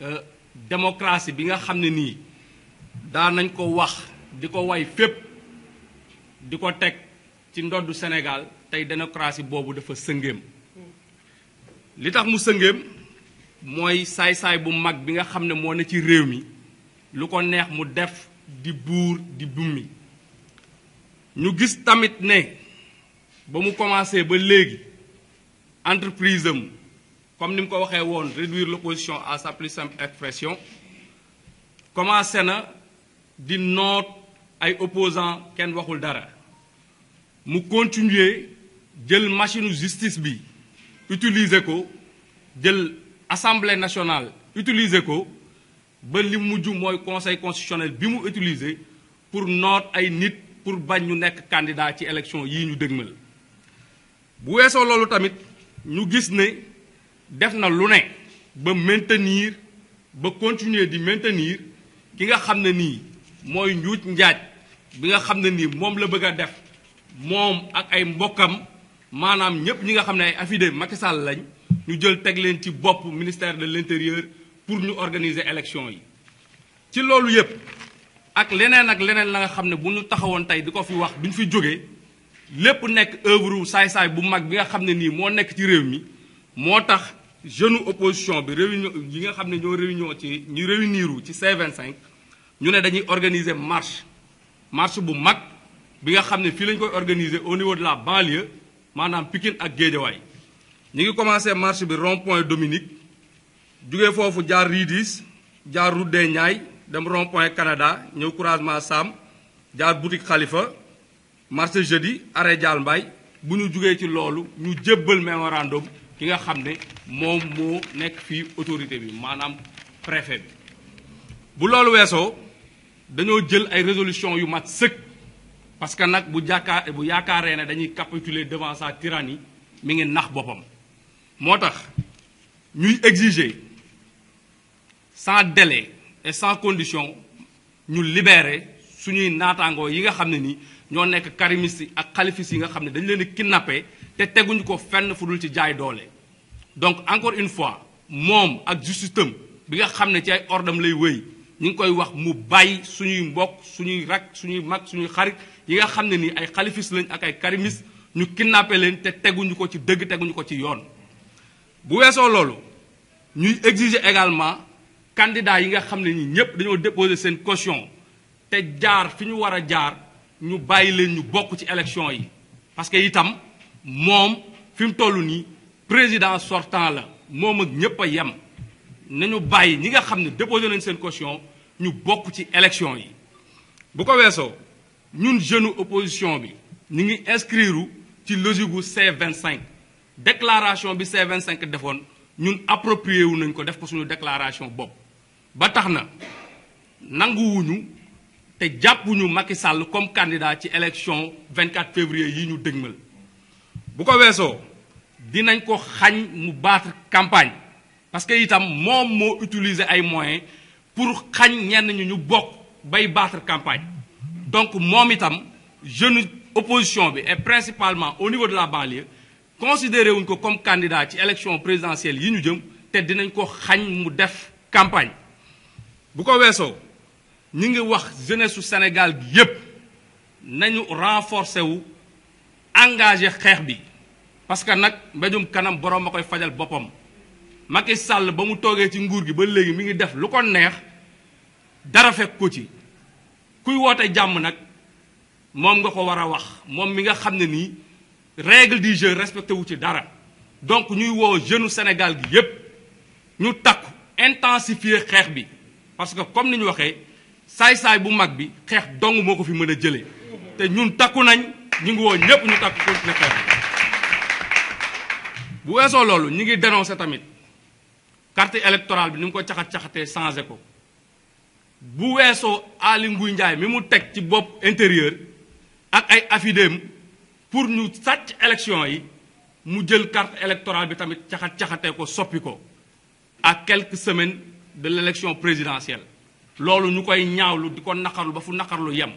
Euh, démocratie bi nga xam ne nii daan nañ ko wax di ko way fépp di ko teg ci ndoddu Sénégal tey démocratie boobu dafa sëngéem li tax mu sëngéem mooy saay-saay bu mag bi nga xam ne moo ne ci réew mi lu ko neex mu def di buur di bummi ñu gis tamit ne ba mu commencé ba léegi entreprise am comme nous réduire l'opposition à sa plus simple expression comment na di ay opposants Nous continuons continuer la machine justice bi utiliser nationale utiliser conseil constitutionnel utiliser pour nous ay pour bañ candidat élection def na lu ne ba maintenir ba continuer di maintenir ki nga xam ne nii mooy njuuj njaaj bi nga xam ne nii moom la bëgg a def moom ak ay mbokkam maanaam ñëpp ñi nga xam ne ay affidé Macky lañ ñu jël teg leen ci bopp ministère de l'intérieur pour ñu organiser élection yi. ci loolu yëpp ak leneen ak leneen la nga xam ne bu ñu taxawoon tey di ko fi wax duñ fi jógee lépp nekk œuvre saay-saay bu mag bi nga xam ne nii moo nekk ci réew mi moo tax. jeune opposition bi réunion yi nga xamné ñoo réunion ci ñu réuniru ci C25 ñu ne dañuy organiser marche marche bu mag bi nga lañ koy organiser au niveau de la banlieue Pikine ak réunion, ñi ngi marche bi rond point Dominique jugé fofu jaar Ridis jaar des dem rond point Canada ñeu croisement Sam jaar boutique Khalifa marché jeudi arrêt Dial Mbaye bu ñu ci lolu ñu ki nga xam ne moom moo nekk fii autorité bi maanaam préfet bi bu loolu weesoo dañoo jël ay résolution yu mat sëkk parce que nag bu jàkkaar bu yaakaaree ne dañuy capituler devant sa tyrannie mi ngi nax boppam moo tax ñuy exiger sans délai et sans condition ñu libérer suñuy naataangoo yi nga xam ne ni ñoo nekk karimiste ak xalifis yi nga xam ne dañu leen di kidnappé te teguñu ko fenn fu dul ci jaay doole donc encore une fois moom ak justitam bi nga xam ne ci ay ordam lay wëy ñu ngi koy wax mu bàyyi suñuy mbokk suñuy rak suñuy mag suñuy xarit yi nga xam ne nii ay xalifis lañ ak ay karimis ñu kidnappé leen te teguñu ko ci dëgg teguñu ko ci yoon bu weesoo loolu ñuy exiger également candidat yi nga xam ne ñi ñëpp dañoo déposer seen caution te jaar fi ñu war a jaar ñu bàyyi leen ñu bokk ci élection yi parce que itam moom fi mu toll nii président sortant la moom ak ñëpp a yem nañu bàyyi ñi nga xam ne déposé nañ seen caution ñu bokk ci élection yi. bu ko weesoo ñun jeune opposition bi ñu ngi inscrire ci logique gu C25 déclaration bi C25 defoon ñun approprié wu nañ ko def ko suñu déclaration bopp ba tax na nanguwuñu te ñu Macky Sall comme candidat ci vingt 24 février yi ñu dégmal bu ko weesoo dinañ ko xañ mu battre campagne parce que itam moom moo utiliser ay moyens pour xañ ñenn ñu ñu bokk bay battre campagne donc moom itam jeune opposition bi et principalement au niveau de la banlieue considéré wuñ ko comme candidat ci élection présidentielle yi ñu jëm te dinañ ko xañ mu def campagne bu ko weesoo ñi ngi wax jeunesse Sénégal gi yépp nañu renforcer wu engagé xeex bi parce que nag mbéjum kanam borom ma koy fajal boppam Macky Sall ba mu toogee ci nguur gi ba léegi mu ngi def lu ko neex dara fekk ko ci kuy woote jàmm nag moom nga ko war a wax moom mi nga xam ne nii règle du jeu respecté wu ci dara donc ñuy woo jeune Sénégal gi yépp ñu takku intensifier xeex bi parce que comme ni ñu waxee saay-saay bu mag bi xeex dong moo ko fi mën a jëlee te ñun takku nañ ñu ngi woo ñépp ñu takku continuer xeex bu weesoo loolu ñu ngi dénoncé tamit carte électorale bi ni mu ko caxat-caxatee changé ko bu weesoo Aly Ngouille Ndiaye mi mu teg ci bopp intérieur ak ay affidem pour ñu sàcc élection yi mu jël carte électorale bi tamit caxat caxate ko soppi ko ak quelque semaines de l' élection présidentielle loolu ñu koy ñaawlu di ko naqarlu ba fu naqarlu yem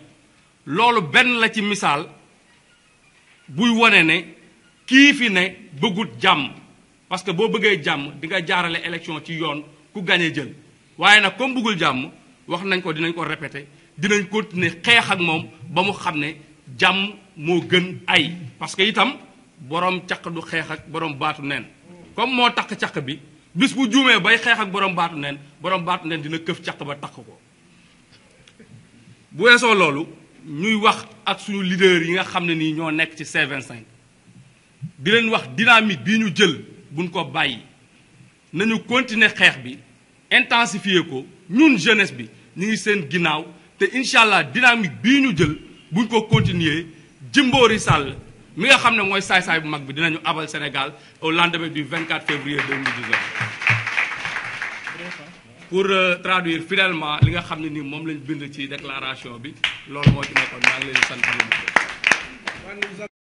loolu benn la ci misaal buy wane ne ki fi ne bëggut jam parce que boo bëggee jam di nga jaarale élection ci yoon ku gagné jël waaye nag comme bëggul jam wax nañ ko dinañ ko répété dinañ continuer xeex ak moom ba mu xam ne jàmm moo gën ay parce que itam borom caq du xeex ak borom baatu neen comme moo takk caq bi bis bu juumee bay xeex ak borom baatu neen borom baatu neen dina këf caq ba takk ko bu weesoo loolu ñuy wax ak suñu leader yi nga xam ne nii ñoo nekk ci C25 di leen wax dynamique bi ñu jël buñ ko bàyyi nañu continuer xeex bi intensifier ko ñun jeunesse bi ñu ngi seen ginnaaw te incha allah dynamique bii ñu jël buñ ko continuer jimboori Sall mi nga xam ne mooy saay-saay bu mag bi dinañu abal Sénégal au lendemain du 24 février 2019 pour euh, traduire fidèlement li nga xam ne ni moom lañ bind ci déclaration bi loolu moo ci nekkoon maa ngi leen sant